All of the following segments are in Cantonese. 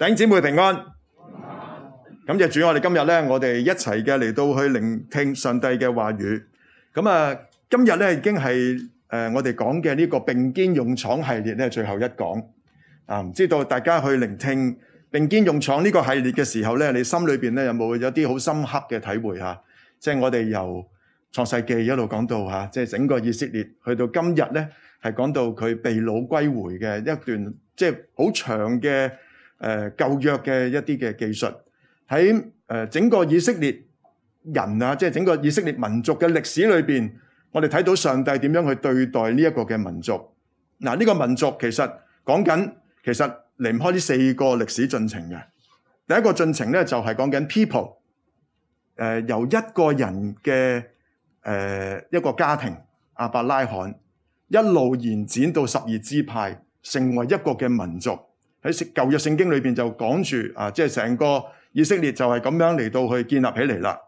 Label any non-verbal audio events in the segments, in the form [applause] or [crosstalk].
弟兄姊妹平安，感謝主我哋今日咧，我哋一齊嘅嚟到去聆聽上帝嘅話語。咁啊，今日咧已經係誒，我哋講嘅呢個並肩勇闖系列咧最後一講。啊，唔知道大家去聆聽並肩勇闖呢個系列嘅時候咧，你心裏邊咧有冇有啲好深刻嘅體會吓？即係我哋由創世記一路講到吓，即係整個以色列去到今日咧，係講到佢被擄歸回嘅一段，即係好長嘅。誒、呃、舊約嘅一啲嘅技術喺誒、呃、整個以色列人啊，即係整個以色列民族嘅歷史裏邊，我哋睇到上帝點樣去對待呢一個嘅民族。嗱、啊，呢、這個民族其實講緊其實離唔開呢四個歷史進程嘅。第一個進程咧就係講緊 people，誒、呃、由一個人嘅誒、呃、一個家庭阿伯拉罕一路延展到十二支派成為一個嘅民族。喺舊約聖經裏面就講住啊，即係成個以色列就係咁樣嚟到去建立起嚟啦。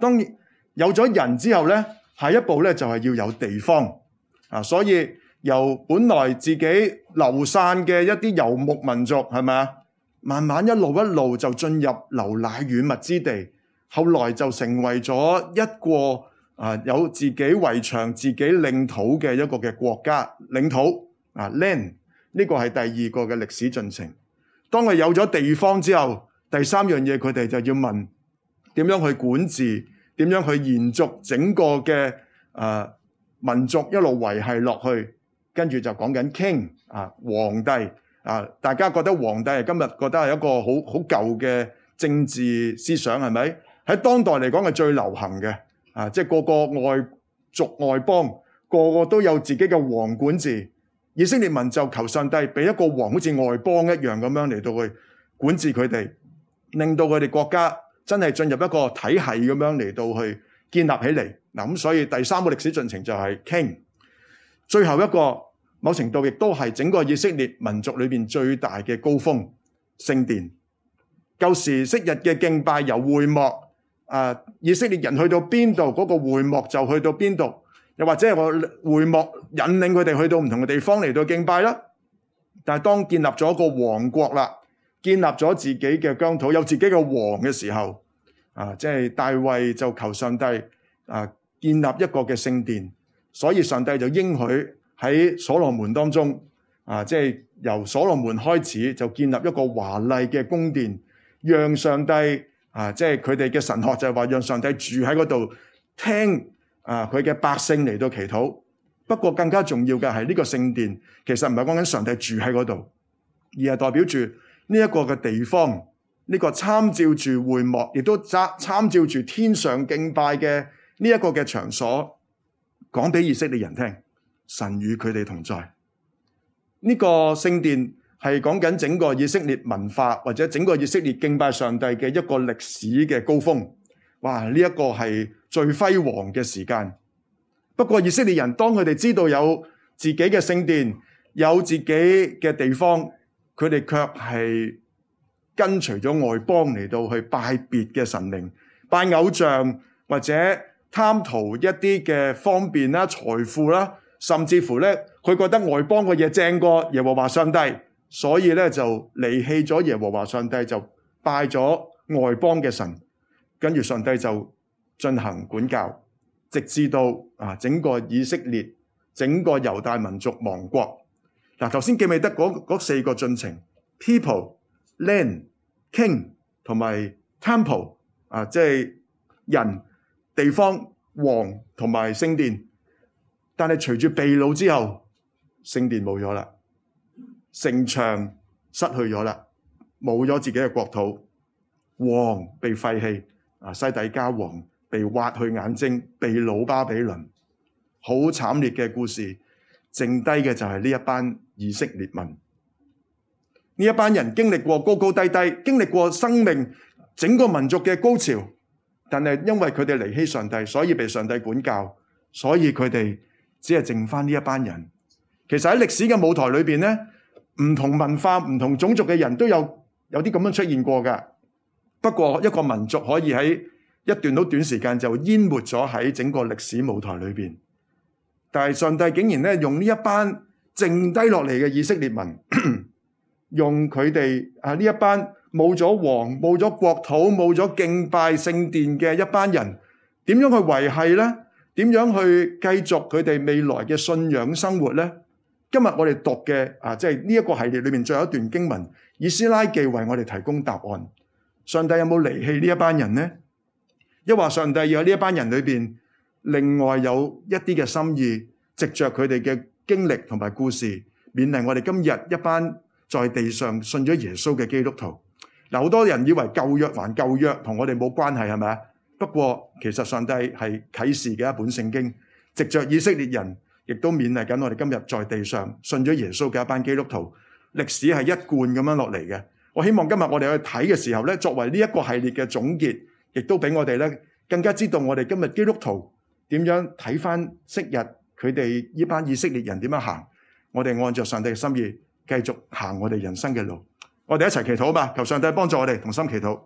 當然有咗人之後呢，下一步咧就係、是、要有地方啊。所以由本來自己流散嘅一啲遊牧民族係咪慢慢一路一路就進入流奶與蜜之地，後來就成為咗一個啊有自己圍牆、自己領土嘅一個嘅國家領土啊 land。呢個係第二個嘅歷史進程。當佢有咗地方之後，第三樣嘢佢哋就要問點樣去管治，點樣去延續整個嘅誒、呃、民族一路維係落去。跟住就講緊 king 啊，皇帝啊，大家覺得皇帝今日覺得係一個好好舊嘅政治思想係咪？喺當代嚟講係最流行嘅啊，即係個個外族外邦個個都有自己嘅王管治。以色列民族求上帝，俾一個王好似外邦一樣咁樣嚟到去管治佢哋，令到佢哋國家真係進入一個體系咁樣嚟到去建立起嚟。嗱、嗯、所以第三個歷史進程就係 King。最後一個，某程度亦都係整個以色列民族裏面最大嘅高峰，聖殿。舊時昔日嘅敬拜由會幕，啊、呃，以色列人去到邊度，嗰、那個會幕就去到邊度。又或者係我會幕引領佢哋去到唔同嘅地方嚟到敬拜啦。但係當建立咗一個王國啦，建立咗自己嘅疆土，有自己嘅王嘅時候，啊，即係大衛就求上帝啊，建立一個嘅聖殿。所以上帝就應許喺所羅門當中，啊，即係由所羅門開始就建立一個華麗嘅宮殿，讓上帝啊，即係佢哋嘅神學就係話讓上帝住喺嗰度聽。啊！佢嘅百姓嚟到祈禱，不過更加重要嘅係呢個聖殿，其實唔係講緊上帝住喺嗰度，而係代表住呢一個嘅地方，呢個參照住會幕，亦都參照住天上敬拜嘅呢一個嘅場所，講俾以色列人聽，神與佢哋同在。呢個聖殿係講緊整個以色列文化或者整個以色列敬拜上帝嘅一個歷史嘅高峰。哇！呢一個係～最輝煌嘅時間，不過以色列人當佢哋知道有自己嘅聖殿，有自己嘅地方，佢哋卻係跟隨咗外邦嚟到去拜別嘅神靈，拜偶像或者貪圖一啲嘅方便啦、財富啦，甚至乎呢，佢覺得外邦嘅嘢正過耶和華上帝，所以呢，就離棄咗耶和華上帝，就拜咗外邦嘅神，跟住上帝就。進行管教，直至到啊整個以色列、整個猶大民族亡國。嗱，頭先記唔記得嗰四個進程：people、land、king 同埋 temple 啊，即係人、地方、王同埋聖殿。但係隨住被擄之後，聖殿冇咗啦，城牆失去咗啦，冇咗自己嘅國土，王被廢棄啊，西底家王。被挖去眼睛，被擄巴比倫，好慘烈嘅故事。剩低嘅就係呢一班以色列民，呢一班人經歷過高高低低，經歷過生命整個民族嘅高潮，但係因為佢哋離棄上帝，所以被上帝管教，所以佢哋只係剩翻呢一班人。其實喺歷史嘅舞台裏面，咧，唔同文化，唔同種族嘅人都有有啲咁樣出現過嘅。不過一個民族可以喺一段好短時間就淹沒咗喺整個歷史舞台裏邊，但係上帝竟然咧用呢一班剩低落嚟嘅以色列民， [coughs] 用佢哋啊呢一班冇咗王、冇咗國土、冇咗敬拜聖殿嘅一班人，點樣去維繫咧？點樣去繼續佢哋未來嘅信仰生活咧？今日我哋讀嘅啊，即係呢一個系列裏邊，最後一段經文《以斯拉記》，為我哋提供答案。上帝有冇離棄呢一班人咧？一話上帝要喺呢一班人裏面，另外有一啲嘅心意，藉着佢哋嘅經歷同埋故事，勉勵我哋今日一班在地上信咗耶穌嘅基督徒。嗱，好多人以為舊約還舊約，同我哋冇關係，係咪啊？不過其實上帝係啟示嘅一本聖經，藉着以色列人，亦都勉勵緊我哋今日在地上信咗耶穌嘅一班基督徒。歷史係一貫咁樣落嚟嘅。我希望今日我哋去睇嘅時候咧，作為呢一個系列嘅總結。亦都俾我哋咧，更加知道我哋今日基督徒點樣睇返昔日佢哋呢班以色列人點樣行。我哋按照上帝嘅心意，繼續行我哋人生嘅路。我哋一齊祈禱吧，求上帝幫助我哋同心祈禱。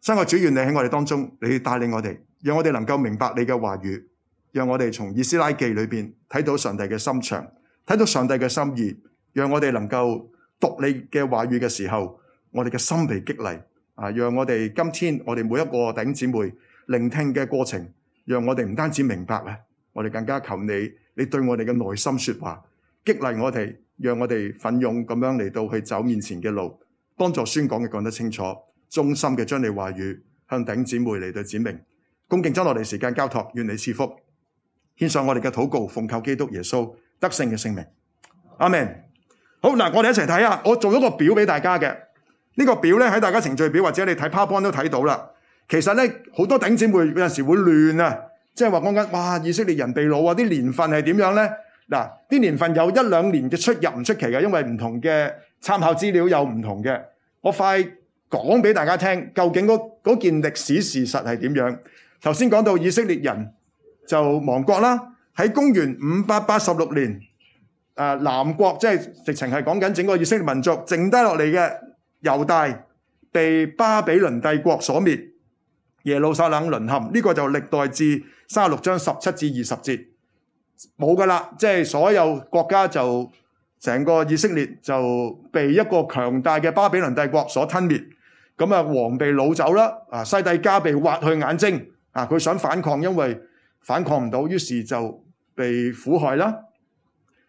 三個主願你喺我哋當中，你帶領我哋，讓我哋能夠明白你嘅話語，讓我哋從以斯拉記裏面睇到上帝嘅心腸，睇到上帝嘅心意，讓我哋能夠讀你嘅話語嘅時候，我哋嘅心被激勵。啊！讓我哋今天，我哋每一個弟姊妹聆聽嘅過程，讓我哋唔單止明白啊！我哋更加求你，你對我哋嘅內心說話，激勵我哋，讓我哋奮勇咁樣嚟到去走面前嘅路，幫助宣講嘅講得清楚，衷心嘅將你話語向弟姊妹嚟到闡明。恭敬將我哋時間交託，願你賜福。獻上我哋嘅禱告，奉靠基督耶穌得勝嘅聖名。阿們。好嗱，我哋一齊睇下，我做咗個表俾大家嘅。呢個表咧，喺大家程序表或者你睇 PowerPoint 都睇到啦。其實咧，好多弟兄姊妹有陣時會亂啊，即係話講緊哇以色列人被擄啊啲年份係點樣咧？嗱，啲年份有一兩年嘅出入唔出奇嘅，因為唔同嘅參考資料有唔同嘅。我快講俾大家聽，究竟嗰嗰件歷史事實係點樣？頭先講到以色列人就亡國啦，喺公元五百八十六年，誒，南國即係直情係講緊整個以色列民族剩低落嚟嘅。猶大被巴比倫帝國所滅，耶路撒冷淪陷，呢、這個就歷代志三十六章十七至二十節冇噶啦，即係所有國家就成個以色列就被一個強大嘅巴比倫帝國所吞滅，咁啊王被擄走啦，啊西底家被挖去眼睛，啊佢想反抗，因為反抗唔到，於是就被苦害啦，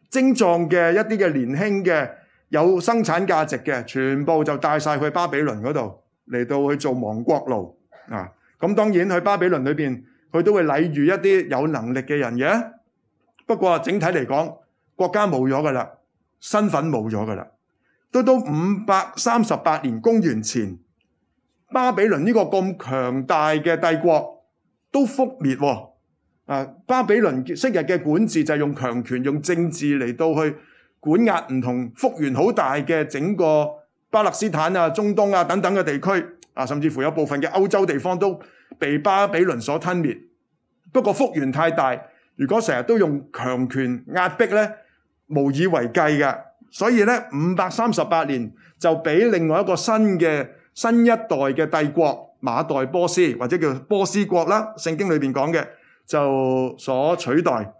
精壯嘅一啲嘅年輕嘅。有生產價值嘅，全部就帶晒去巴比倫嗰度嚟到去做亡國奴啊！咁當然去巴比倫裏面，佢都會禮遇一啲有能力嘅人嘅。不過整體嚟講，國家冇咗㗎喇，身份冇咗㗎喇。到到五百三十八年公元前，巴比倫呢個咁強大嘅帝國都覆滅喎。啊，巴比倫昔日嘅管治就係用強權、用政治嚟到去。管轄唔同幅員好大嘅整個巴勒斯坦啊、中東啊等等嘅地區啊，甚至乎有部分嘅歐洲地方都被巴比倫所吞滅。不過幅員太大，如果成日都用強權壓迫呢，無以為繼嘅。所以呢，五百三十八年就俾另外一個新嘅新一代嘅帝國馬代波斯或者叫波斯國啦。聖經裏面講嘅就所取代。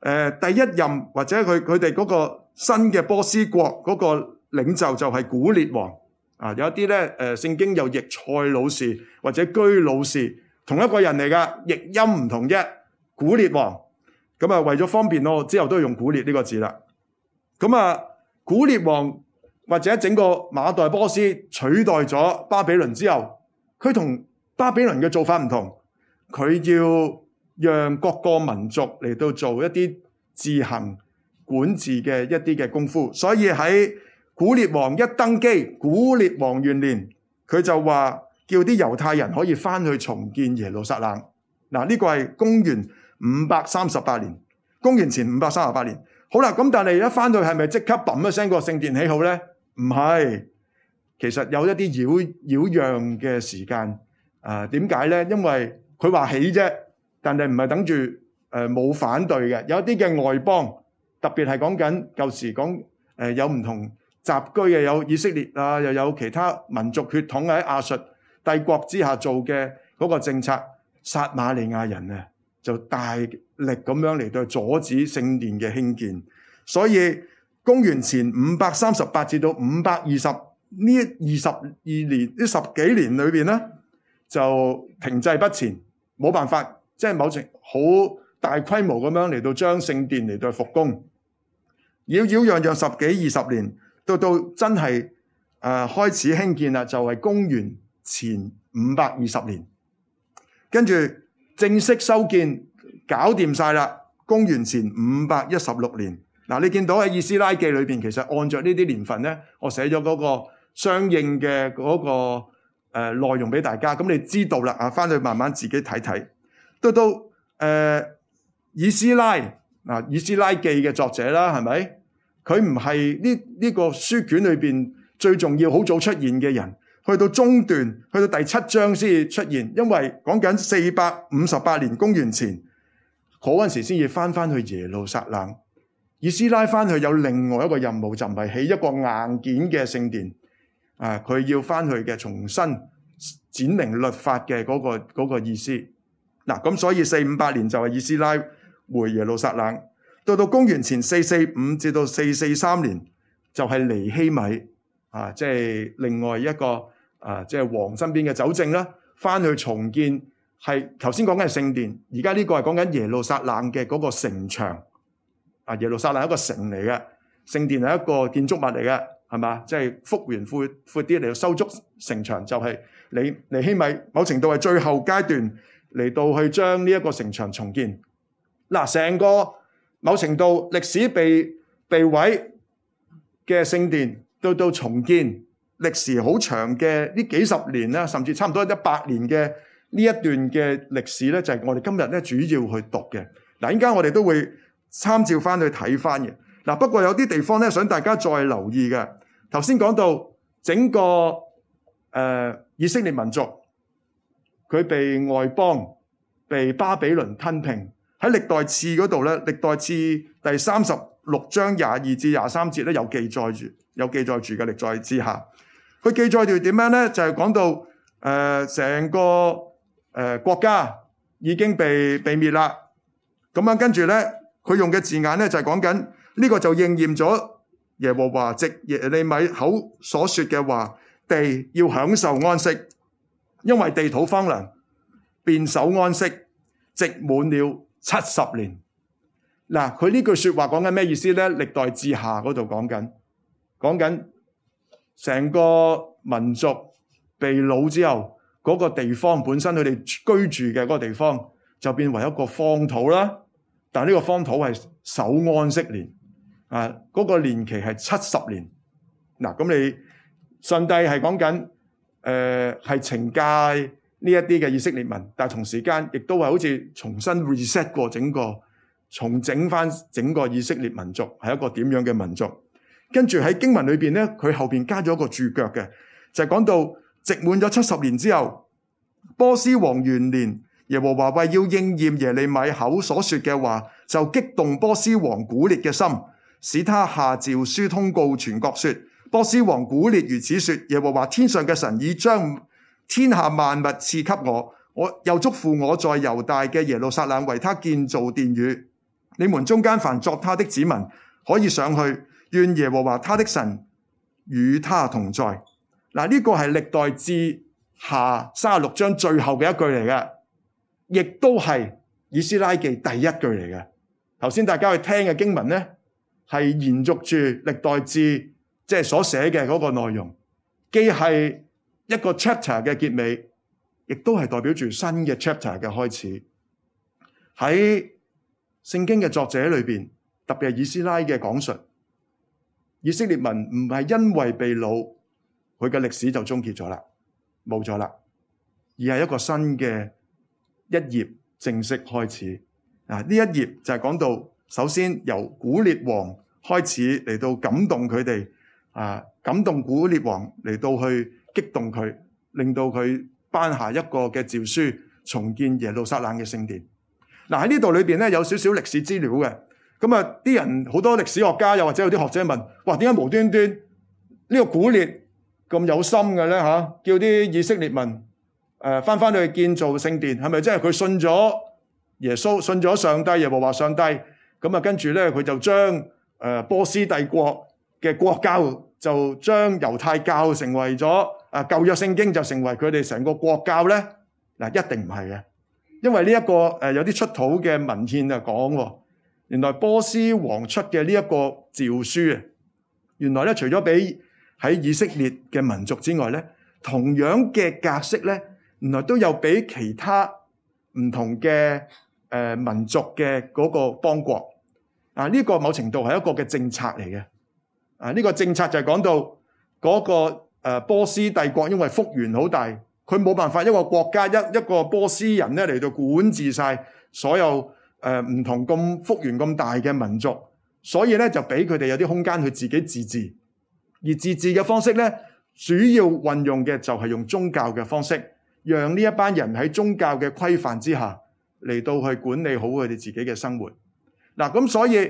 誒，第一任或者佢佢哋嗰個。新嘅波斯國嗰個領袖就係古列王啊，有一啲呢，誒、呃，聖經又譯塞老士或者居老士，同一個人嚟㗎，譯音唔同啫。古列王咁啊、嗯，為咗方便我之後都用古列呢個字啦。咁、嗯、啊，古列王或者整個馬代波斯取代咗巴比倫之後，佢同巴比倫嘅做法唔同，佢要讓各個民族嚟到做一啲自行管治嘅一啲嘅功夫，所以喺古列王一登基，古列王元年，佢就話叫啲猶太人可以翻去重建耶路撒冷。嗱，呢個係公元五百三十八年，公元前五百三十八年。好啦，咁，但係一翻去，係咪即刻冚一聲個聖殿起好咧？唔係，其實有一啲擾擾攘嘅時間。啊，點解咧？因為佢話起啫，但係唔係等住誒冇反對嘅，有啲嘅外邦。特別係講緊舊時講有唔同雜居嘅有以色列啊，又有其他民族血統喺亞述帝國之下做嘅嗰個政策，撒瑪利亞人呢，就大力咁樣嚟到阻止聖殿嘅興建，所以公元前五百三十八至到五百二十呢二十二年呢十幾年裏面呢，就停滯不前，冇辦法，即係某程好大規模咁樣嚟到將聖殿嚟到復工。樣樣樣樣十幾二十年，到到真係誒、呃、開始興建啦，就係、是、公元前五百二十年，跟住正式修建搞掂晒啦，公元前五百一十六年、呃。你見到喺《以斯拉記》裏面，其實按照呢啲年份咧，我寫咗嗰個相應嘅嗰、那個誒內、呃、容俾大家。咁你知道啦，啊，返去慢慢自己睇睇。到到誒《以斯拉》啊、呃，《以斯拉記》嘅作者啦，係咪？佢唔係呢呢個書卷裏面最重要、好早出現嘅人，去到中段，去到第七章先出現。因為講緊四百五十八年公元前嗰陣時，先至返返去耶路撒冷。以斯拉返去有另外一個任務，就唔係起一個硬件嘅聖殿。啊，佢要返去嘅重新展明律法嘅嗰個嗰個意思。嗱、啊，咁所以四五八年就係以斯拉回耶路撒冷。到到公元前四四五至到四四三年，就係尼希米啊，即係另外一個啊，即係王身邊嘅酒政啦，翻去重建係頭先講緊係聖殿，而家呢個係講緊耶路撒冷嘅嗰個城牆。啊，耶路撒冷係一個城嚟嘅，聖殿係一個建築物嚟嘅，係嘛？即係復原闊闊啲嚟到修築城牆，就係你尼希米某程度係最後階段嚟到去將呢一個城牆重建。嗱，成個。某程度，歷史被被毀嘅聖殿到到重建，歷史好長嘅呢幾十年啦，甚至差唔多一百年嘅呢一段嘅歷史呢，就係、是、我哋今日咧主要去讀嘅。嗱，依家我哋都會參照返去睇返嘅。嗱，不過有啲地方呢，想大家再留意嘅。頭先講到整個誒、呃、以色列民族，佢被外邦、被巴比倫吞併。喺歷代志嗰度咧，歷代志第三十六章廿二至廿三節咧有記載住，有記載住嘅歷代志下，佢記載住點樣咧？就係講到誒成個誒國家已經被被滅啦。咁啊，跟住咧，佢用嘅字眼咧就係講緊呢個就應驗咗耶和華藉耶利米口所説嘅話，地要享受安息，因為地土荒涼，便守安息，直滿了。七十年，嗱，佢呢句話說話講緊咩意思呢？歷代志下嗰度講緊，講緊成個民族被擄之後，嗰、那個地方本身佢哋居住嘅嗰個地方就變為一個荒土啦。但呢個荒土係守安息年啊，嗰、那個年期係七十年。嗱，咁你上帝係講緊，誒、呃，係懲戒。呢一啲嘅以色列民，但同時間亦都係好似重新 reset 過整個重整翻整個以色列民族係一個點樣嘅民族？跟住喺經文裏邊咧，佢後邊加咗一個注腳嘅，就係講到植滿咗七十年之後，波斯王元年，耶和華為要應驗耶利米口所說嘅話，就激動波斯王古列嘅心，使他下詔書通告全國說，說波斯王古列如此說，耶和華天上嘅神已將。天下萬物賜給我，我又囑咐我在猶大嘅耶路撒冷為他建造殿宇。你們中間凡作他的子民，可以上去，願耶和華他的神與他同在。嗱，呢個係歷代志下三十六章最後嘅一句嚟嘅，亦都係以斯拉記第一句嚟嘅。頭先大家去聽嘅經文呢，係延續住歷代志即係所寫嘅嗰個內容，既係。一個 chapter 嘅結尾，亦都係代表住新嘅 chapter 嘅開始。喺聖經嘅作者裏面，特別係以斯拉嘅講述，以色列民唔係因為被擄，佢嘅歷史就終結咗啦，冇咗啦，而係一個新嘅一頁正式開始。啊，呢一頁就係講到，首先由古列王開始嚟到感動佢哋啊，感動古列王嚟到去。激動佢，令到佢頒下一個嘅詔書，重建耶路撒冷嘅聖殿。嗱，喺呢度裏邊咧，有少少歷史資料嘅。咁啊，啲人好多歷史學家又或者有啲學者問：哇，點解無端端呢個古列咁有心嘅咧？吓，叫啲以色列民誒翻翻去建造聖殿，係咪即係佢信咗耶穌，信咗上帝耶和華上帝？咁啊，跟住咧佢就將誒波斯帝國嘅國教就將猶太教成為咗。啊！舊約聖經就成為佢哋成個國教呢，嗱，一定唔係嘅，因為呢一個誒有啲出土嘅文獻就講喎，原來波斯王出嘅呢一個詔書啊，原來咧除咗俾喺以色列嘅民族之外咧，同樣嘅格式咧，原來都有俾其他唔同嘅誒民族嘅嗰個邦國啊，呢個某程度係一個嘅政策嚟嘅，啊，呢個政策就係講到嗰個。波斯帝國因為幅員好大，佢冇辦法一個國家一一個波斯人咧嚟到管治曬所有誒唔、呃、同咁幅員咁大嘅民族，所以呢就俾佢哋有啲空間去自己自治。而自治嘅方式呢，主要運用嘅就係用宗教嘅方式，讓呢一班人喺宗教嘅規範之下嚟到去管理好佢哋自己嘅生活。嗱、啊，咁所以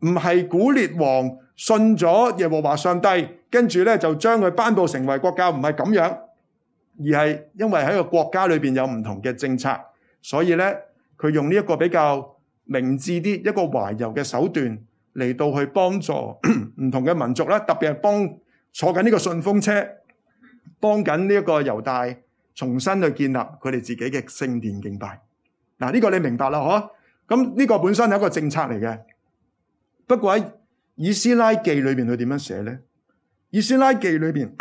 唔係古列王。信咗耶和華上帝，跟住咧就將佢頒布成為國教，唔係咁樣，而係因為喺個國家裏邊有唔同嘅政策，所以咧佢用呢一個比較明智啲，一個懷柔嘅手段嚟到去幫助唔同嘅民族啦，特別係幫坐緊呢個順風車，幫緊呢一個猶大重新去建立佢哋自己嘅聖殿敬拜。嗱呢個你明白啦，嗬？咁呢個本身係一個政策嚟嘅，不過喺。以斯拉記裏面，佢點樣寫呢？以斯拉記裏面，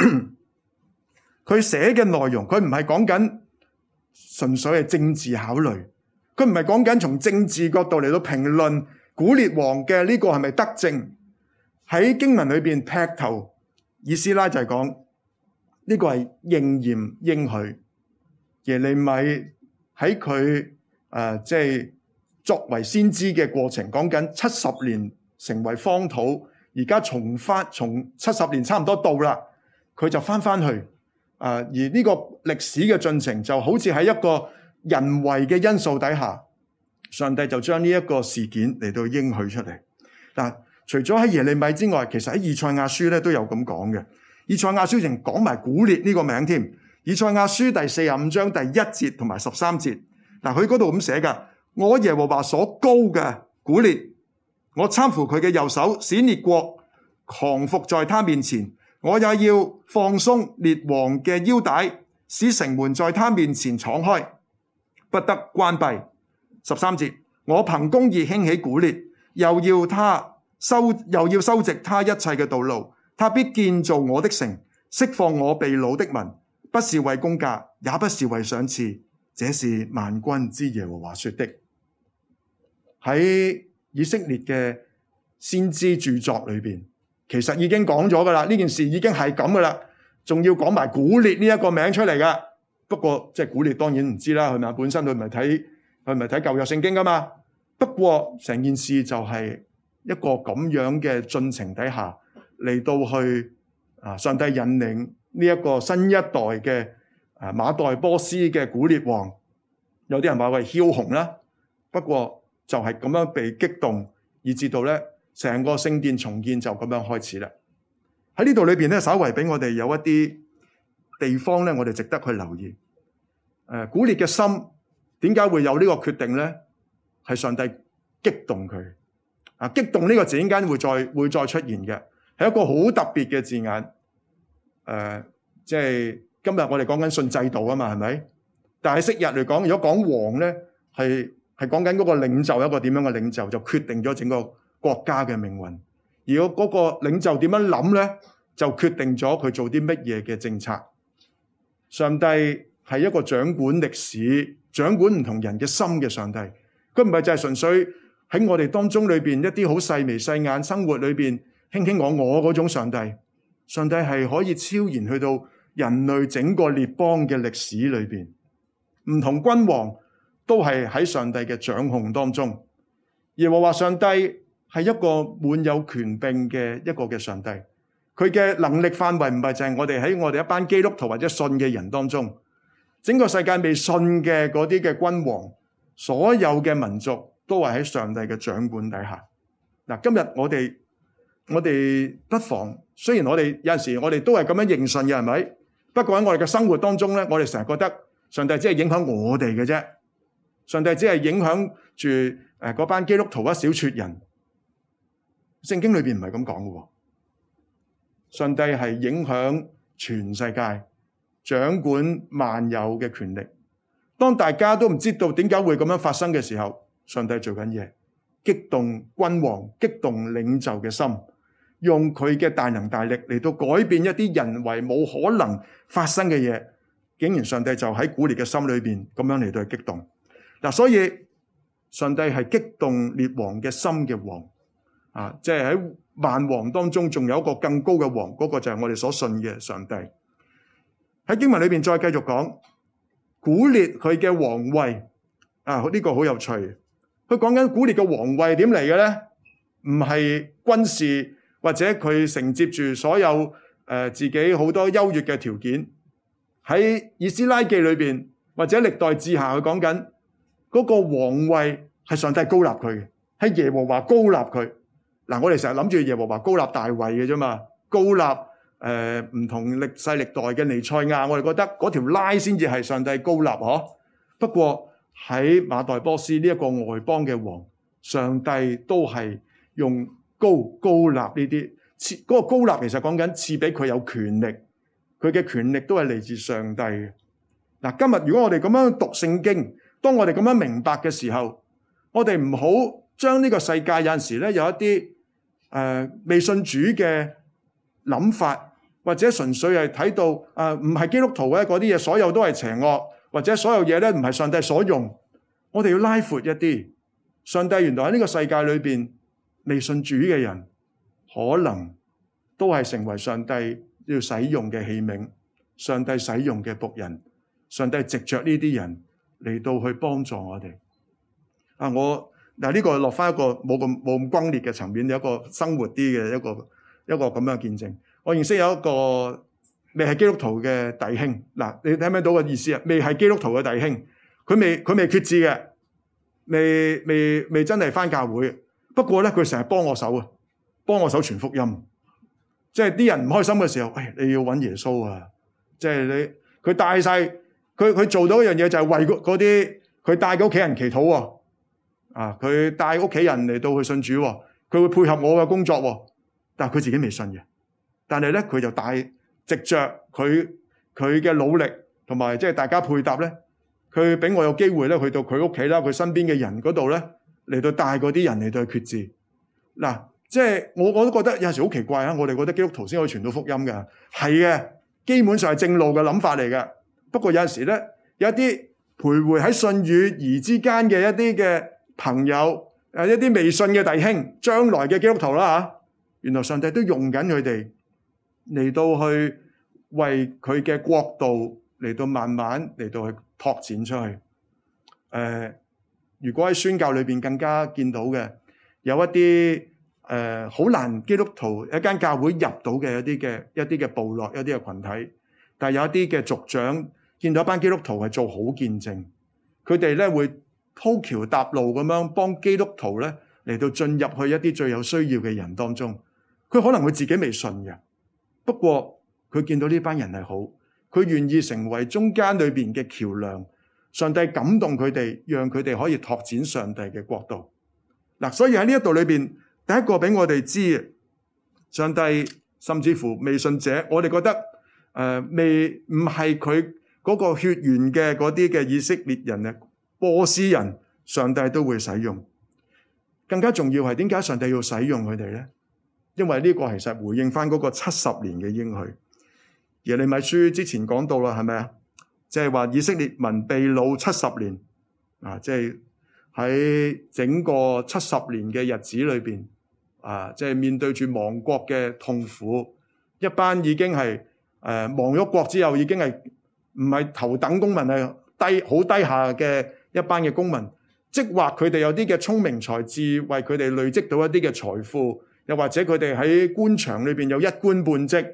佢 [coughs] 寫嘅內容，佢唔係講緊純粹係政治考慮，佢唔係講緊從政治角度嚟到評論古列王嘅呢個係咪德政？喺經文裏面劈頭，以斯拉就係講呢個係應驗應許，耶利米喺佢、呃即係、作為先知嘅過程，講緊七十年。成為荒土，而家重返，從七十年差唔多到啦，佢就返返去啊、呃！而呢個歷史嘅進程就好似喺一個人為嘅因素底下，上帝就將呢一個事件嚟到應許出嚟。嗱、呃，除咗喺耶利米之外，其實喺以賽亞書咧都有咁講嘅。以賽亞書仲講埋古列呢個名添。以賽亞書第四十五章第一節同埋十三節，嗱佢嗰度咁寫㗎：我耶和華所膏嘅古列。我攙扶佢嘅右手，使列國降服在他面前，我也要放鬆列王嘅腰帶，使城門在他面前敞開，不得關閉。十三節，我憑公義興起古列，又要他修，又要修直他一切嘅道路。他必建造我的城，釋放我被擄的民，不是為工價，也不是為賞賜。這是萬軍之耶和華說的。喺以色列嘅先知著作裏面，其實已經講咗噶啦，呢件事已經係咁噶啦，仲要講埋古列呢一個名出嚟噶。不過即係古列當然唔知啦，係咪啊？本身佢唔係睇佢唔係睇舊約聖經噶嘛。不過成件事就係一個咁樣嘅進程底下嚟到去啊，上帝引領呢一個新一代嘅啊馬代波斯嘅古列王，有啲人話喂，梟雄啦。不過。就係咁樣被激動，以至到咧成個聖殿重建就咁樣開始啦。喺呢度裏邊咧，稍微俾我哋有一啲地方咧，我哋值得去留意。誒、呃，古烈嘅心點解會有呢個決定呢？係上帝激動佢啊！激動呢個字，陣間會再會再出現嘅，係一個好特別嘅字眼。誒、呃，即、就、係、是、今日我哋講緊信制度啊嘛，係咪？但係昔日嚟講，如果講王呢，係。係講緊嗰個領袖一個點樣嘅領袖就決定咗整個國家嘅命運。而我嗰個領袖點樣諗呢？就決定咗佢做啲乜嘢嘅政策。上帝係一個掌管歷史、掌管唔同人嘅心嘅上帝，佢唔係淨係純粹喺我哋當中裏面一啲好細眉細眼生活裏面。卿卿我我嗰種上帝。上帝係可以超然去到人類整個列邦嘅歷史裏面，唔同君王。都係喺上帝嘅掌控當中。而我話上帝係一個滿有權柄嘅一個嘅上帝，佢嘅能力範圍唔係就係我哋喺我哋一班基督徒或者信嘅人當中，整個世界未信嘅嗰啲嘅君王，所有嘅民族都係喺上帝嘅掌管底下。嗱，今日我哋我哋不妨，雖然我哋有陣時我哋都係咁樣認信嘅，係咪？不過喺我哋嘅生活當中呢，我哋成日覺得上帝只係影響我哋嘅啫。上帝只係影響住嗰班基督徒一小撮人，聖經裏邊唔係咁講嘅。上帝係影響全世界，掌管萬有嘅權力。當大家都唔知道點解會咁樣發生嘅時候，上帝做緊嘢，激動君王、激動領袖嘅心，用佢嘅大能大力嚟到改變一啲人為冇可能發生嘅嘢。竟然上帝就喺古列嘅心裏面咁樣嚟到去激動。所以上帝係激動列王嘅心嘅王啊，即係喺萬王當中仲有一個更高嘅王，嗰、那個就係我哋所信嘅上帝。喺經文裏面再繼續講，古列佢嘅皇位啊，呢、這個好有趣。佢講緊古列嘅皇位點嚟嘅呢？唔係軍事或者佢承接住所有誒、呃、自己好多優越嘅條件。喺以斯拉記裏面，或者歷代志下，佢講緊。嗰個王位係上帝高立佢嘅，係耶和華高立佢。嗱，我哋成日諗住耶和華高立大衛嘅啫嘛，高立誒唔、呃、同歷世歷代嘅尼賽亞，我哋覺得嗰條拉先至係上帝高立呵、啊。不過喺馬代波斯呢一個外邦嘅王，上帝都係用高高立呢啲，嗰、那個高立其實講緊賜俾佢有權力，佢嘅權力都係嚟自上帝嘅。嗱，今日如果我哋咁樣讀聖經。當我哋咁樣明白嘅時候，我哋唔好將呢個世界有陣時咧有一啲誒、呃、未信主嘅諗法，或者純粹係睇到誒唔係基督徒嘅嗰啲嘢，所有都係邪惡，或者所有嘢咧唔係上帝所用。我哋要拉闊一啲，上帝原來喺呢個世界裏邊，未信主嘅人可能都係成為上帝要使用嘅器皿，上帝使用嘅僕人，上帝藉着呢啲人，嚟到去幫助我哋啊！我嗱呢、這個落返一個冇咁冇咁轟烈嘅層面，一個生活啲嘅一個一個咁樣嘅見證。我認識有一個未係基督徒嘅弟兄嗱、啊，你聽唔聽到個意思啊？未係基督徒嘅弟兄，佢未佢未決志嘅，未未未真係返教會。不過咧，佢成日幫我手啊，幫我手傳福音。即係啲人唔開心嘅時候，哎、你要揾耶穌啊！即、就、係、是、你佢大細。佢做到一樣嘢就係為嗰嗰啲佢帶屋企人祈禱喎、啊，啊佢帶屋企人嚟到去信主喎、啊，佢會配合我嘅工作、啊，但係佢自己未信嘅。但係咧佢就帶藉著佢嘅努力同埋即係大家配搭咧，佢俾我有機會咧去到佢屋企啦，佢身邊嘅人嗰度咧嚟到帶嗰啲人嚟到決志嗱，即係我我都覺得有時好奇怪啊！我哋覺得基督徒先可以傳到福音嘅，係嘅，基本上係正路嘅諗法嚟嘅。不過有陣時咧，有啲徘徊喺信與疑之間嘅一啲嘅朋友，一啲未信嘅弟兄，將來嘅基督徒啦，原來上帝都用緊佢哋嚟到去為佢嘅國度嚟到慢慢嚟到去拓展出去。誒、呃，如果喺宣教裏面更加見到嘅，有一啲誒好難基督徒一間教會入到嘅一啲嘅一啲嘅部落，一啲嘅群體。但有一啲嘅族長見到一班基督徒係做好見證，佢哋咧會鋪橋搭路咁樣幫基督徒咧嚟到進入去一啲最有需要嘅人當中。佢可能會自己未信嘅，不過佢見到呢班人係好，佢願意成為中間裏面嘅橋樑。上帝感動佢哋，讓佢哋可以拓展上帝嘅國度。嗱，所以喺呢度裏邊，第一個俾我哋知，上帝甚至乎未信者，我哋覺得。未唔係佢嗰個血緣嘅嗰啲嘅以色列人咧，波斯人，上帝都會使用。更加重要係點解上帝要使用佢哋咧？因為呢個其實回應翻嗰個七十年嘅應許。耶利米書之前講到啦，係咪啊？即係話以色列民被擄七十年，啊，即係喺整個七十年嘅日子裏面，啊，即係面對住亡國嘅痛苦，一班已經係。亡咗、呃、國之後，已經係唔係頭等公民，係低好低下嘅一班嘅公民，即或佢哋有啲嘅聰明才智，為佢哋累積到一啲嘅財富，又或者佢哋喺官場裏面有一官半職，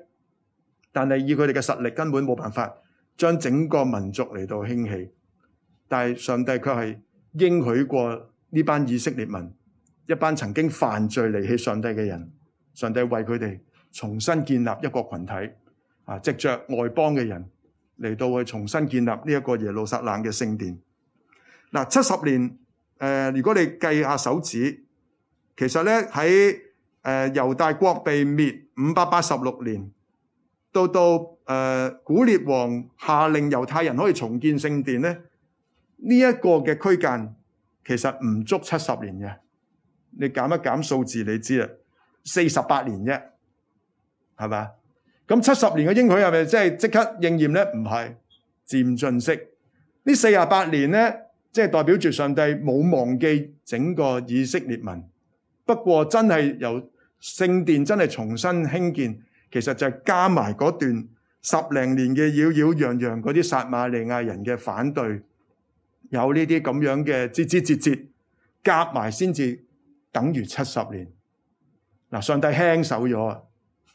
但係以佢哋嘅實力根本冇辦法將整個民族嚟到興起。但係上帝卻係應許過呢班以色列民，一班曾經犯罪離棄上帝嘅人，上帝為佢哋重新建立一個群體。啊！藉着外邦嘅人嚟到去重新建立呢一個耶路撒冷嘅聖殿。嗱，七十年，誒、呃，如果你計下手指，其實咧喺誒猶大國被滅五百八十六年，到到誒、呃、古列王下令猶太人可以重建聖殿咧，呢、這、一個嘅區間其實唔足七十年嘅。你減一減數字，你知啦，四十八年啫，係嘛？咁七十年嘅應許係咪即係即刻應驗呢？唔係，漸進式。呢四十八年呢，即係代表住上帝冇忘記整個以色列民。不過真係由聖殿真係重新興建，其實就是加埋嗰段十零年嘅擾擾攘攘、嗰啲撒瑪利亞人嘅反對，有呢啲咁樣嘅節節節節夾埋，先至等於七十年。嗱，上帝輕手咗啊，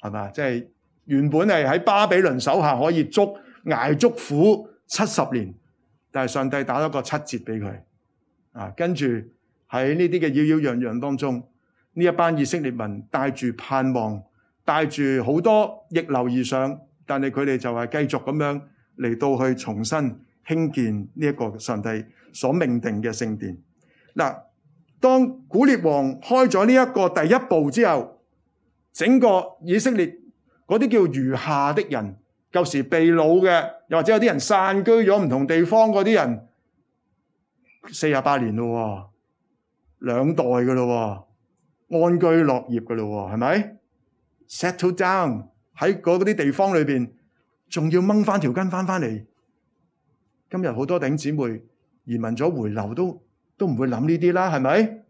係咪？即係。原本係喺巴比倫手下可以捉捱，捉苦七十年，但係上帝打咗個七折俾佢啊。跟住喺呢啲嘅擾擾攘攘當中，呢一班以色列民帶住盼望，帶住好多逆流而上，但係佢哋就係繼續咁樣嚟到去重新興建呢一個上帝所命定嘅聖殿。嗱、啊，當古列王開咗呢一個第一步之後，整個以色列。嗰啲叫餘下的人，舊時被擄嘅，又或者有啲人散居咗唔同地方嗰啲人，四十八年咯，兩代噶咯，安居樂業噶咯，係咪 settle down 喺嗰嗰啲地方裡面仲要掹翻條根翻翻嚟？今日好多頂姊妹移民咗回流都，都都唔會諗呢啲啦，係咪？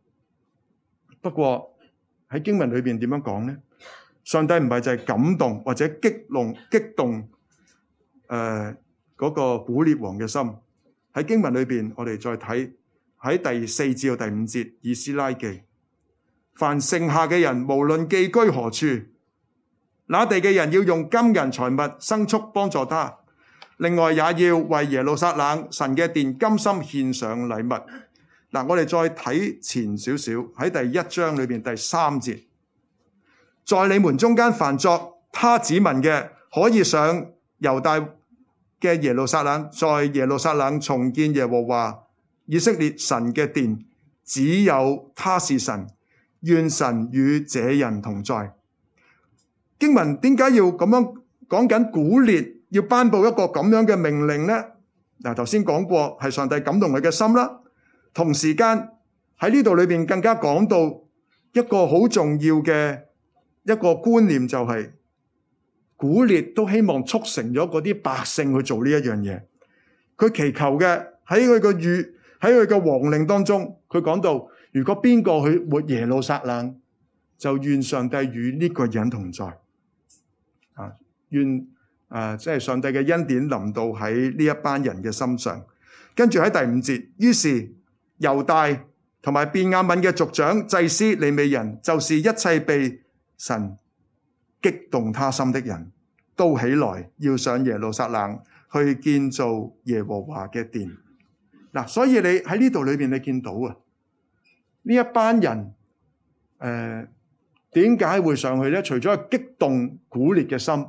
不過喺經文裡面點樣講呢？上帝唔係就係感動或者激怒、激動，誒、呃、嗰、那個古列王嘅心。喺經文裏邊，我哋再睇喺第四至到第五節以斯拉記，凡剩下嘅人，無論寄居何處，那地嘅人要用金銀財物、牲畜幫助他，另外也要為耶路撒冷神嘅殿甘心獻上禮物。嗱，我哋再睇前少少喺第一章裏面第三節。在你們中間凡作他子民嘅，可以上猶大嘅耶路撒冷，在耶路撒冷重建耶和華以色列神嘅殿，只有他是神，願神與這人同在。經文點解要咁樣講緊古列，要頒布一個咁樣嘅命令呢？嗱，頭先講過係上帝感動佢嘅心啦，同時間喺呢度裏邊更加講到一個好重要嘅。一個觀念就係、是、古列都希望促成咗嗰啲百姓去做呢一樣嘢。佢祈求嘅喺佢個御喺佢個王令當中，佢講到：如果邊個去活耶路撒冷，就願上帝與呢個人同在。啊，願啊上帝嘅恩典臨到喺呢一班人嘅身上。跟住喺第五節，於是猶大同埋便雅憫嘅族長、祭司、利未人，就是一切被。神激動他心的人，都起來要上耶路撒冷去建造耶和華嘅殿。嗱，所以你喺呢度裏邊，你見到啊呢一班人，誒，點解會上去咧？除咗激動鼓勵嘅心，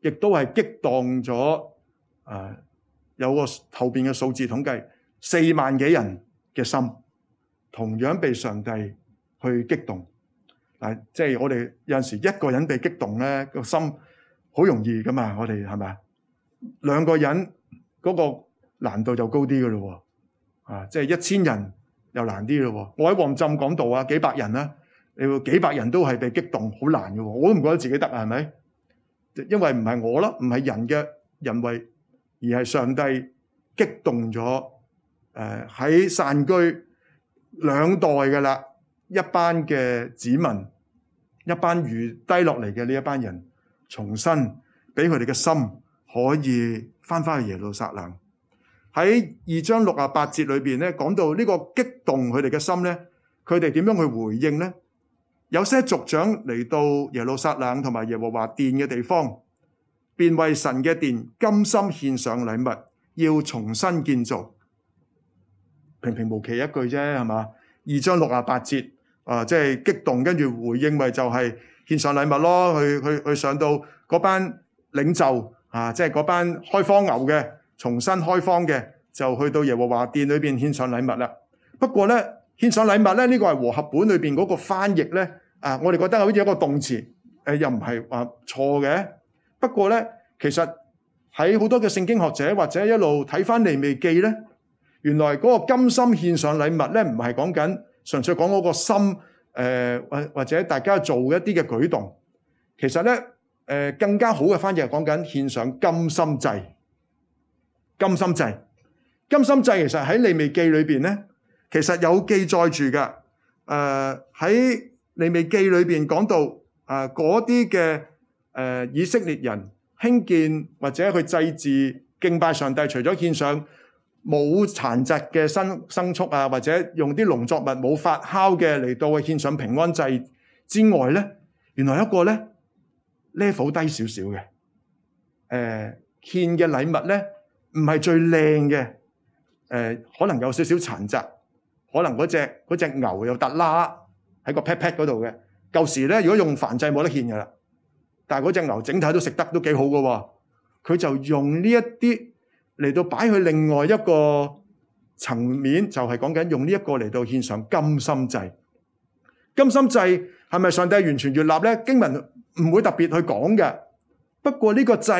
亦都係激動咗，誒，有個後邊嘅數字統計四萬幾人嘅心，同樣被上帝去激動。即係我哋有陣時一個人被激動咧，個心好容易噶嘛，我哋係咪？兩個人嗰個難度就高啲噶咯，啊，即係一千人又難啲咯。我喺旺浸講道啊，幾百人啦，你會幾百人都係被激動，好難噶。我都唔覺得自己得，係咪？因為唔係我咯，唔係人嘅人為，而係上帝激動咗。誒、呃，喺散居兩代噶啦，一班嘅子民。一班漁低落嚟嘅呢一班人，重新俾佢哋嘅心可以翻返去耶路撒冷。喺二章六十八節裏邊咧，講到呢個激動佢哋嘅心咧，佢哋點樣去回應咧？有些族長嚟到耶路撒冷同埋耶和華殿嘅地方，便為神嘅殿甘心獻上禮物，要重新建造。平平無奇一句啫，係嘛？二章六十八節。啊，即係激動，跟住回應，咪就係獻上禮物咯。去去去，去上到嗰班領袖啊，即係嗰班開荒牛嘅，重新開荒嘅，就去到耶和華殿裏邊獻上禮物啦。不過咧，獻上禮物咧，呢個係和合本裏邊嗰個翻譯咧，啊，我哋覺得好似一個動詞，誒，又唔係話錯嘅。不過咧，其實喺好多嘅聖經學者或者一路睇翻利未記咧，原來嗰個甘心獻上禮物咧，唔係講緊，純粹講我個心、呃，或者大家做一啲嘅舉動，其實呢，呃、更加好嘅翻譯係講緊獻上甘心祭、甘心祭、甘心祭。其實喺利未記裏面呢，其實有記載住嘅。誒喺利未記裏面講到啊，嗰啲嘅以色列人興建或者去祭祀敬拜上帝，除咗獻上冇殘疾嘅生牲畜啊，或者用啲農作物冇發酵嘅嚟到去獻上平安祭之外呢，原來一個呢，level 低少少嘅，誒獻嘅禮物呢，唔係最靚嘅，誒、呃、可能有少少殘疾，可能嗰隻隻牛又突拉喺個 pat pat 嗰度嘅，舊時咧如果用燔祭冇得獻噶啦，但係嗰隻牛整體都食得都幾好嘅喎，佢就用呢一啲。嚟到擺去另外一個層面，就係講緊用呢一個嚟到獻上甘心祭。甘心祭係咪上帝完全悅納呢？經文唔會特別去講嘅。不過呢個祭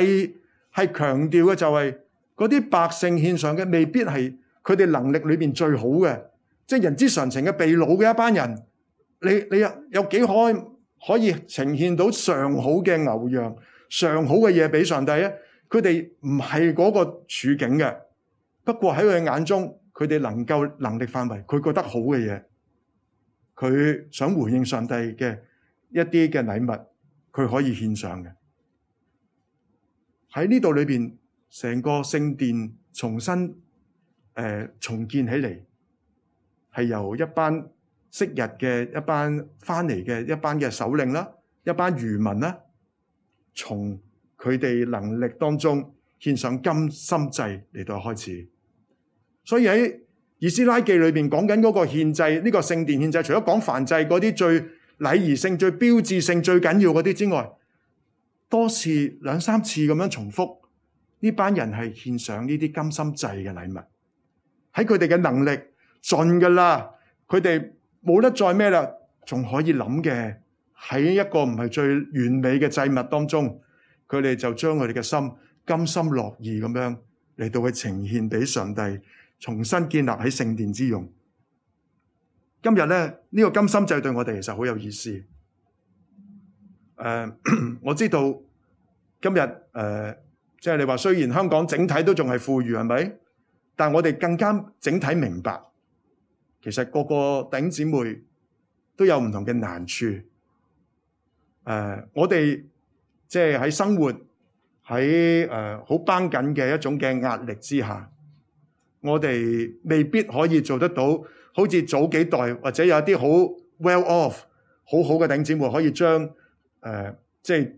係強調嘅就係嗰啲百姓獻上嘅未必係佢哋能力裏面最好嘅，即人之常情嘅被擄嘅一班人。你你有有幾可可以呈現到上好嘅牛羊、上好嘅嘢俾上帝呢？佢哋唔係嗰個處境嘅，不過喺佢眼中，佢哋能夠能力範圍，佢覺得好嘅嘢，佢想回應上帝嘅一啲嘅禮物，佢可以獻上嘅。喺呢度裏邊，成個聖殿重新誒、呃、重建起嚟，係由一班昔日嘅一班返嚟嘅一班嘅首領啦，一班漁民啦，從。佢哋能力當中獻上甘心祭嚟到開始，所以喺以斯拉記裏面講緊嗰個獻祭，呢個聖殿獻祭，除咗講凡祭嗰啲最禮儀性、最標誌性、最緊要嗰啲之外，多次兩三次咁樣重複，呢班人係獻上呢啲甘心祭嘅禮物，喺佢哋嘅能力盡噶啦，佢哋冇得再咩啦，仲可以諗嘅喺一個唔係最完美嘅祭物當中。佢哋就將佢哋嘅心甘心樂意咁樣嚟到去呈現俾上帝，重新建立喺聖殿之用。今日呢，呢、這個甘心制對我哋其實好有意思。誒、呃， [coughs] 我知道今日誒、呃，即係你話雖然香港整體都仲係富裕係咪？但我哋更加整體明白，其實各個弟兄姊妹都有唔同嘅難處。誒、呃，我哋。即係喺生活喺誒好繃緊嘅一種嘅壓力之下，我哋未必可以做得到。好似早幾代或者有啲好 well off 好好嘅頂姊妹，可以將誒、呃、即係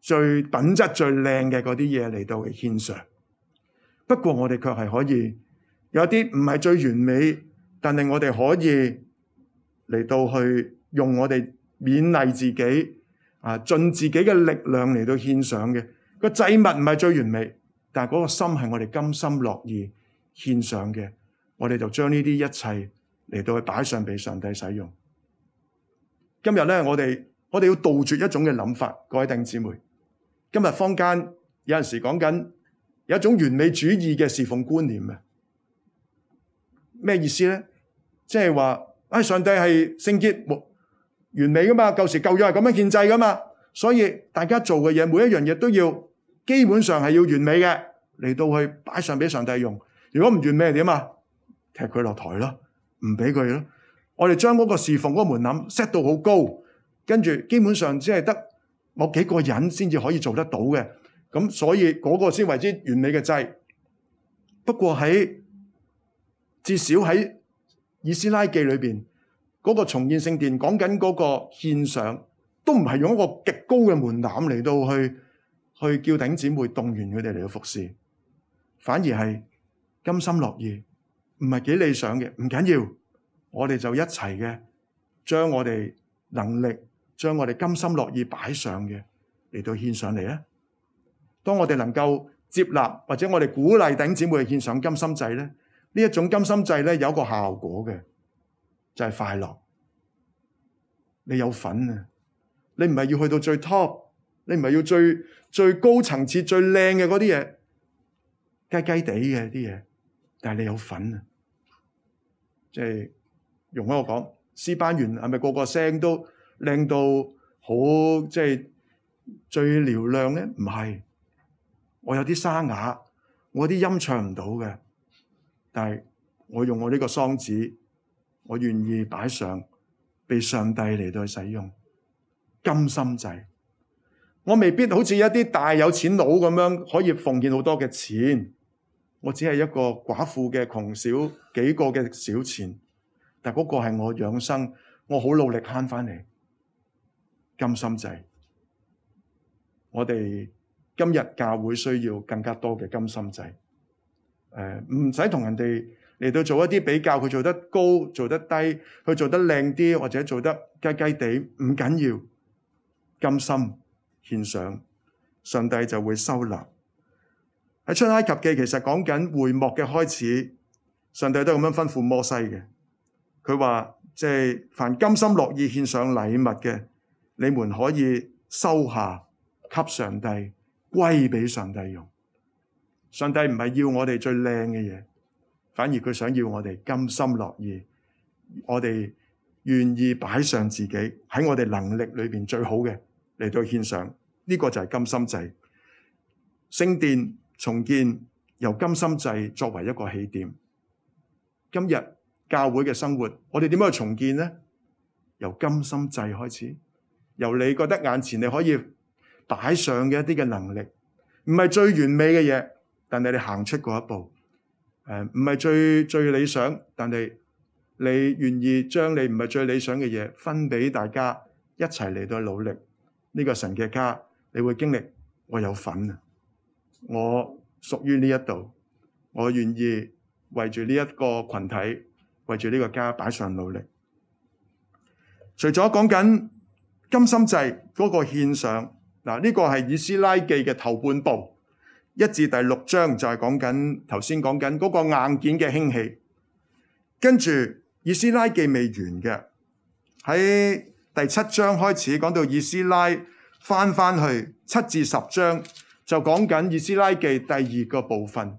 最品質最靚嘅嗰啲嘢嚟到去獻上。不過我哋卻係可以有啲唔係最完美，但係我哋可以嚟到去用我哋勉勵自己。啊！盡自己嘅力量嚟到獻上嘅個祭物唔係最完美，但係嗰個心係我哋甘心樂意獻上嘅。我哋就將呢啲一切嚟到去擺上俾上帝使用。今日呢，我哋我哋要杜絕一種嘅諗法，各位弟兄姊妹。今日坊間有陣時講緊有一種完美主義嘅侍奉觀念嘅，咩意思呢？即係話、哎、上帝係聖潔冇。完美㗎嘛？舊時舊約係咁樣建制㗎嘛？所以大家做嘅嘢每一樣嘢都要基本上係要完美嘅，嚟到去擺上俾上帝用。如果唔完美係點啊？踢佢落台咯，唔俾佢咯。我哋將嗰個侍奉嗰個門檻 set 到好高，跟住基本上只係得某幾個人先至可以做得到嘅。咁所以嗰個先為之完美嘅制。不過喺至少喺以斯拉記裏邊。嗰個重建聖殿講緊嗰個獻上，都唔係用一個極高嘅門檻嚟到去去叫頂姐妹動員佢哋嚟到服侍，反而係甘心樂意，唔係幾理想嘅。唔緊要，我哋就一齊嘅將我哋能力，將我哋甘心樂意擺上嘅嚟到獻上嚟啊！當我哋能夠接納或者我哋鼓勵頂姐妹獻上甘心祭咧，呢一種甘心祭咧有一個效果嘅。就係快樂，你有份啊！你唔係要去到最 top，你唔係要最，最高層次最靚嘅嗰啲嘢，雞雞地嘅啲嘢，但係你有份啊！即係用開我講，詩班員係咪個個聲都靚到好？即係最嘹亮呢？唔係，我有啲沙啞，我啲音唱唔到嘅，但係我用我呢個嗓子。我願意擺上，被上帝嚟到來使用，甘心祭，我未必好似一啲大有錢佬咁樣，可以奉獻好多嘅錢。我只係一個寡婦嘅窮小幾個嘅小錢，但嗰個係我養生，我好努力慳翻嚟。甘心祭，我哋今日教會需要更加多嘅甘心祭，誒、呃，唔使同人哋。嚟到做一啲比較，佢做得高，做得低，佢做得靚啲或者做得雞雞地，唔緊要，甘心獻上，上帝就會收納。喺出埃及記其實講緊會幕嘅開始，上帝都咁樣吩咐摩西嘅。佢話：即係凡甘心樂意獻上禮物嘅，你們可以收下，給上帝歸俾上帝用。上帝唔係要我哋最靚嘅嘢。反而佢想要我哋甘心樂意，我哋願意擺上自己喺我哋能力裏邊最好嘅嚟到獻上，呢、這個就係甘心祭。聖殿重建由甘心祭作為一個起點，今日教會嘅生活，我哋點樣去重建咧？由甘心祭開始，由你覺得眼前你可以擺上嘅一啲嘅能力，唔係最完美嘅嘢，但係你行出嗰一步。誒，唔係最最理想，但係你願意將你唔係最理想嘅嘢，分畀大家，一齊嚟到努力呢個神嘅家，你會經歷我有份啊！我屬於呢一度，我願意為住呢一個群體，為住呢個家擺上努力。除咗講緊甘心祭嗰個獻上，嗱，呢個係以斯拉記嘅頭半部。一至第六章就係講緊，頭先講緊嗰個硬件嘅興起，跟住以斯拉記未完嘅，喺第七章開始講到以斯拉，翻翻去七至十章就講緊以斯拉記第二個部分。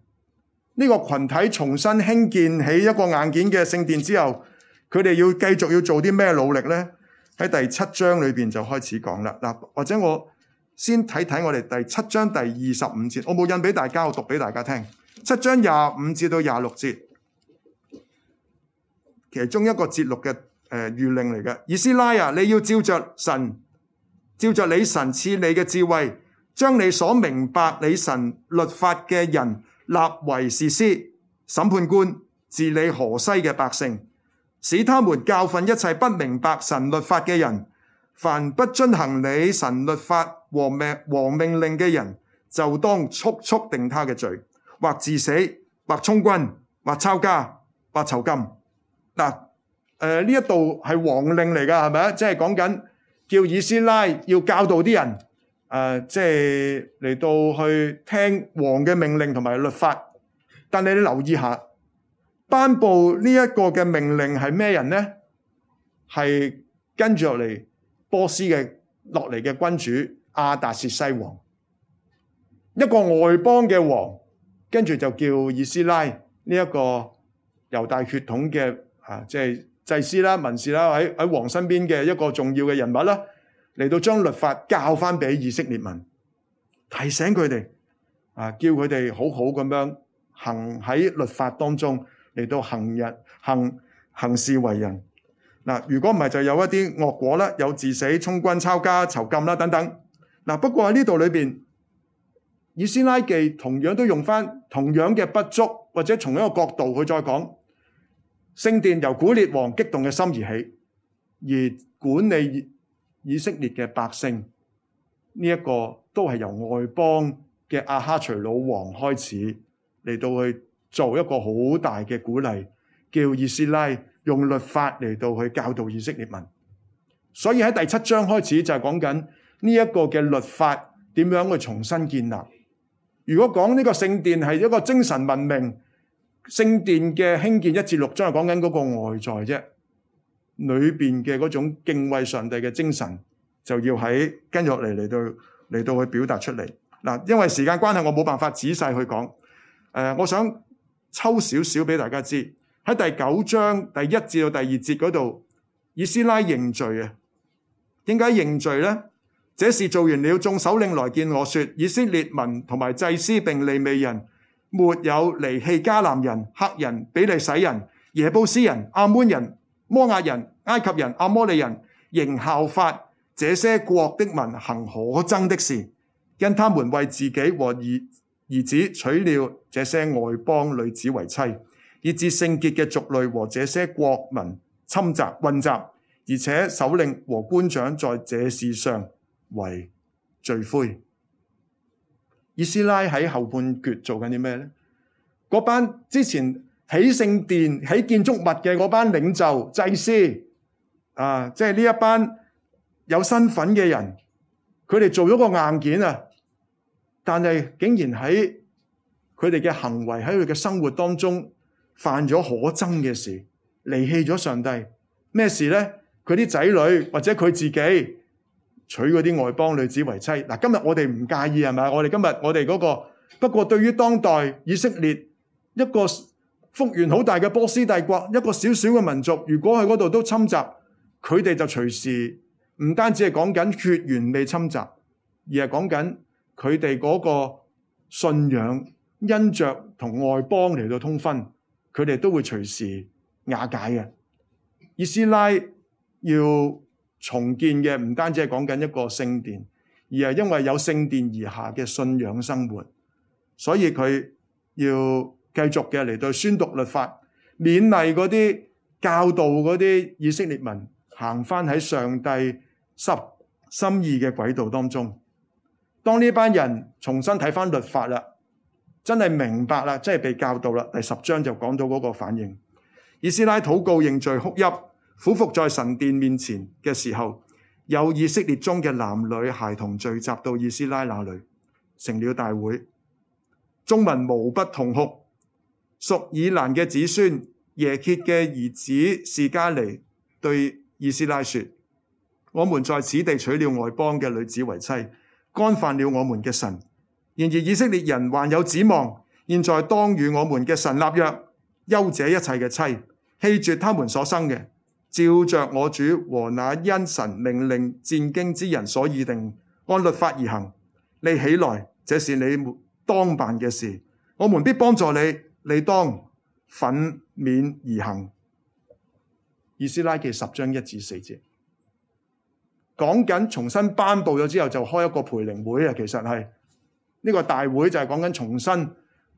呢個群體重新興建起一個硬件嘅聖殿之後，佢哋要繼續要做啲咩努力呢？喺第七章裏面就開始講啦。嗱，或者我。先睇睇我哋第七章第二十五節，我冇印俾大家，我讀俾大家聽。七章廿五至到廿六節，其中一個節錄嘅誒預令嚟嘅。以斯拉啊，你要照着神，照着你神賜你嘅智慧，將你所明白你神律法嘅人立為士師、審判官、治理河西嘅百姓，使他們教訓一切不明白神律法嘅人，凡不遵行你神律法。王命令嘅人就當速速定他嘅罪，或治死，或充軍，或抄家，或囚禁。嗱、呃，呢一度係王令嚟噶，係咪啊？即係講緊叫以斯拉要教導啲人，誒、呃，即係嚟到去聽王嘅命令同埋律法。但你留意一下，頒布呢一個嘅命令係咩人呢？係跟住落嚟波斯嘅落嚟嘅君主。亞達薛西王，一個外邦嘅王，跟住就叫以斯拉呢一、這個猶大血統嘅啊，即、就、係、是、祭司啦、文士啦，喺喺王身邊嘅一個重要嘅人物啦，嚟到將律法教翻俾以色列民，提醒佢哋啊，叫佢哋好好咁樣行喺律法當中嚟到行人行行事為人嗱、啊，如果唔係就有一啲惡果啦，有治死、充軍、抄家、囚禁啦等等。不過喺呢度裏邊，以斯拉記同樣都用返同樣嘅不足，或者同一個角度去再講，聖殿由古列王激動嘅心而起，而管理以色列嘅百姓呢個都係由外邦嘅亞哈隨魯王開始嚟到去做一個好大嘅鼓勵，叫以斯拉用律法嚟到去教導以色列民。所以喺第七章開始就係講緊。呢一個嘅律法點樣去重新建立？如果講呢個聖殿係一個精神文明聖殿嘅興建，一至六章係講緊嗰個外在啫，裏邊嘅嗰種敬畏上帝嘅精神就要喺跟著嚟嚟到嚟到去表達出嚟。因為時間關係，我冇辦法仔細去講。呃，我想抽少少俾大家知喺第九章第一至到第二節嗰度，以斯拉認罪啊，點解認罪呢？這事做完了，眾首領來見我說：以色列民同埋祭司並利未人沒有離棄迦南人、赫人、比利洗人、耶布斯人、亞捫人、摩押人、人、埃及人、亞摩利人，仍效法這些國的民行可憎的事，因他們為自己和兒兒子娶了這些外邦女子為妻，以致聖潔嘅族類和這些國民侵襲混雜，而且首領和官長在這事上為罪魁，以斯拉喺後判決做緊啲咩咧？嗰班之前起聖殿、起建築物嘅嗰班領袖、祭司，啊，即係呢一班有身份嘅人，佢哋做咗個硬件啊！但係竟然喺佢哋嘅行為，喺佢哋嘅生活當中犯咗可憎嘅事，離棄咗上帝。咩事咧？佢啲仔女或者佢自己。娶嗰啲外邦女子為妻。嗱，今日我哋唔介意係咪？我哋今日我哋嗰個不過，對於當代以色列一個幅員好大嘅波斯帝國，一個少少嘅民族，如果喺嗰度都侵襲，佢哋就隨時唔單止係講緊血緣未侵襲，而係講緊佢哋嗰個信仰因着同外邦嚟到通婚，佢哋都會隨時瓦解嘅。以斯拉要。重建嘅唔單止係講緊一個聖殿，而係因為有聖殿而下嘅信仰生活，所以佢要繼續嘅嚟到宣讀律法，勉勵嗰啲教導嗰啲以色列民行翻喺上帝十心意嘅軌道當中。當呢班人重新睇翻律法啦，真係明白啦，真係被教導啦。第十章就講到嗰個反應，以斯拉禱告認罪哭泣。俯伏在神殿面前嘅時候，有以色列中嘅男女孩童聚集到以斯拉那裏，成了大會。眾民無不痛哭。屬以蘭嘅子孫耶歇嘅兒子士加尼對以斯拉說：我們在此地娶了外邦嘅女子為妻，干犯了我們嘅神。然而以色列人還有指望，現在當與我們嘅神立約，休這一切嘅妻，棄絕他們所生嘅。照着我主和那因神命令戰兢之人所議定按律法而行，你起來，這是你當辦嘅事。我們必幫助你，你當奮勉而行。以斯拉記十章一至四節，講緊重新頒布咗之後就開一個培靈會啊！其實係呢、這個大會就係講緊重新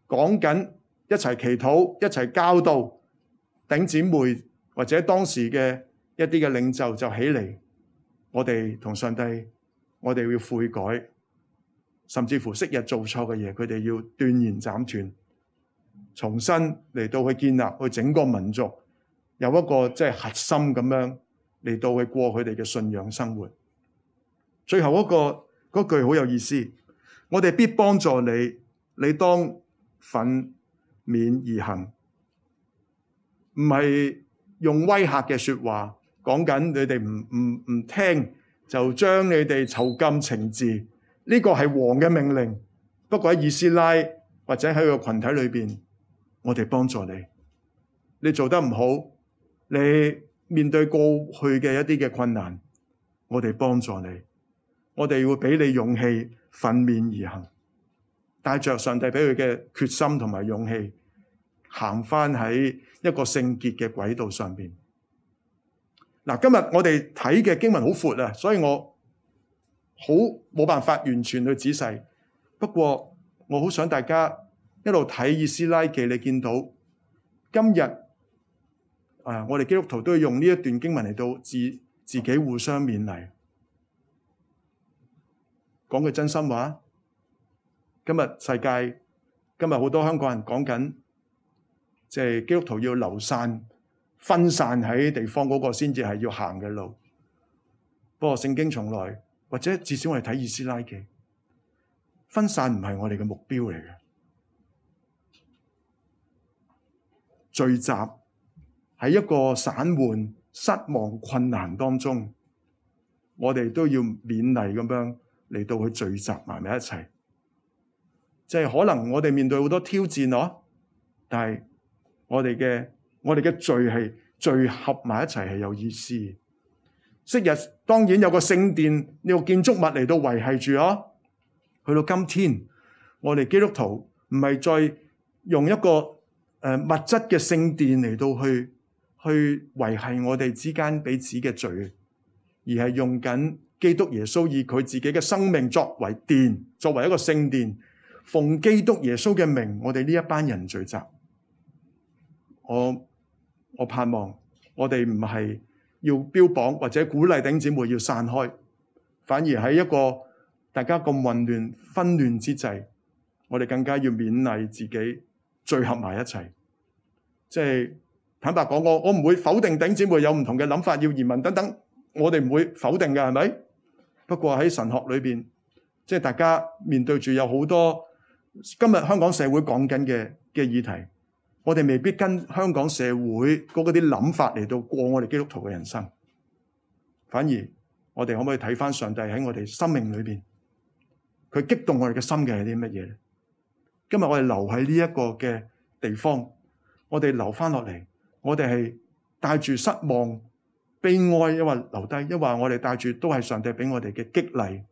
講緊一齊祈禱一齊教導頂姊妹。或者當時嘅一啲嘅領袖就起嚟，我哋同上帝，我哋要悔改，甚至乎昔日做錯嘅嘢，佢哋要斷言斬斷，重新嚟到去建立去整個民族有一個即係核心咁樣嚟到去過佢哋嘅信仰生活。最後嗰個，嗰句好有意思，我哋必幫助你，你當奮勉而行，唔係。用威嚇嘅說話，講緊你哋唔唔聽就將你哋囚禁懲治呢、這個係王嘅命令。不過喺以斯拉或者喺個群體裏面，我哋幫助你。你做得唔好，你面對過去嘅一啲嘅困難，我哋幫助你。我哋會俾你勇氣奮勉而行，帶着上帝俾佢嘅決心同埋勇氣。行翻喺一個聖潔嘅軌道上邊。嗱，今日我哋睇嘅經文好闊啊，所以我好冇辦法完全去仔細。不過我好想大家一路睇以斯拉記，你見到今日啊，我哋基督徒都要用呢一段經文嚟到自自己互相勉勵，講句真心話。今日世界，今日好多香港人講緊。即係基督徒要流散分散喺地方嗰個先至係要行嘅路。不過聖經從來或者至少我哋睇以斯拉記，分散唔係我哋嘅目標嚟嘅，聚集喺一個散渙、失望、困難當中，我哋都要勉勵咁樣嚟到去聚集埋埋一齊。即係可能我哋面對好多挑戰咯，但係。我哋嘅我哋嘅罪係聚合埋一齊係有意思的。昔日當然有個聖殿呢、這個建築物嚟到維繫住啊、哦。去到今天，我哋基督徒唔係再用一個誒、呃、物質嘅聖殿嚟到去去維繫我哋之間彼此嘅罪，而係用緊基督耶穌以佢自己嘅生命作為殿，作為一個聖殿，奉基督耶穌嘅名，我哋呢一班人聚集。我我盼望我哋唔係要標榜或者鼓勵弟姊妹要散開，反而喺一個大家咁混亂紛亂之際，我哋更加要勉勵自己聚合埋一齊。即係坦白講，我我唔會否定弟姊妹有唔同嘅諗法，要移民等等，我哋唔會否定嘅，係咪？不過喺神學裏面，即係大家面對住有好多今日香港社會講緊嘅嘅議題。我哋未必跟香港社會嗰嗰啲諗法嚟到過我哋基督徒嘅人生，反而我哋可唔可以睇返上帝喺我哋生命裏面？佢激動我哋嘅心嘅係啲乜嘢呢？今日我哋留喺呢一個嘅地方，我哋留返落嚟，我哋係帶住失望、悲哀，又話留低，又話我哋帶住都係上帝畀我哋嘅激勵、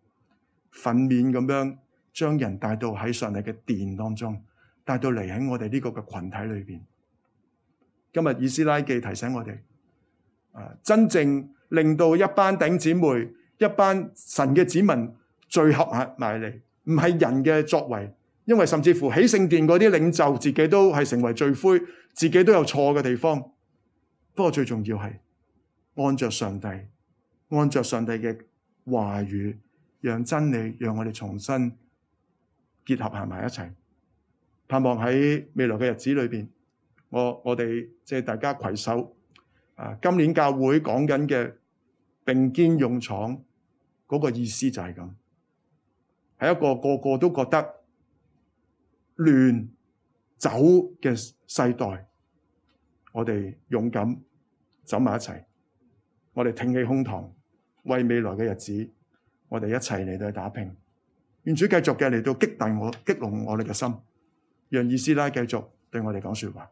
奮勉咁樣，將人帶到喺上帝嘅殿當中。帶到嚟喺我哋呢個嘅群體裏面。今日以斯拉記提醒我哋，真正令到一班頂姊妹、一班神嘅子民聚合埋埋嚟，唔係人嘅作為，因為甚至乎起聖殿嗰啲領袖自己都係成為罪魁，自己都有錯嘅地方。不過最重要係按着上帝，按着上帝嘅話語，讓真理讓我哋重新結合行埋一齊。盼望喺未來嘅日子裏面，我我哋借大家攜手，啊，今年教會講緊嘅並肩勇闖嗰個意思就係咁，係一個個個都覺得亂走嘅世代，我哋勇敢走埋一齊，我哋挺起胸膛，為未來嘅日子，我哋一齊嚟到去打拼。願主繼續嘅嚟到激勵我，激動我哋嘅心。讓以斯拉繼續對我哋講說話。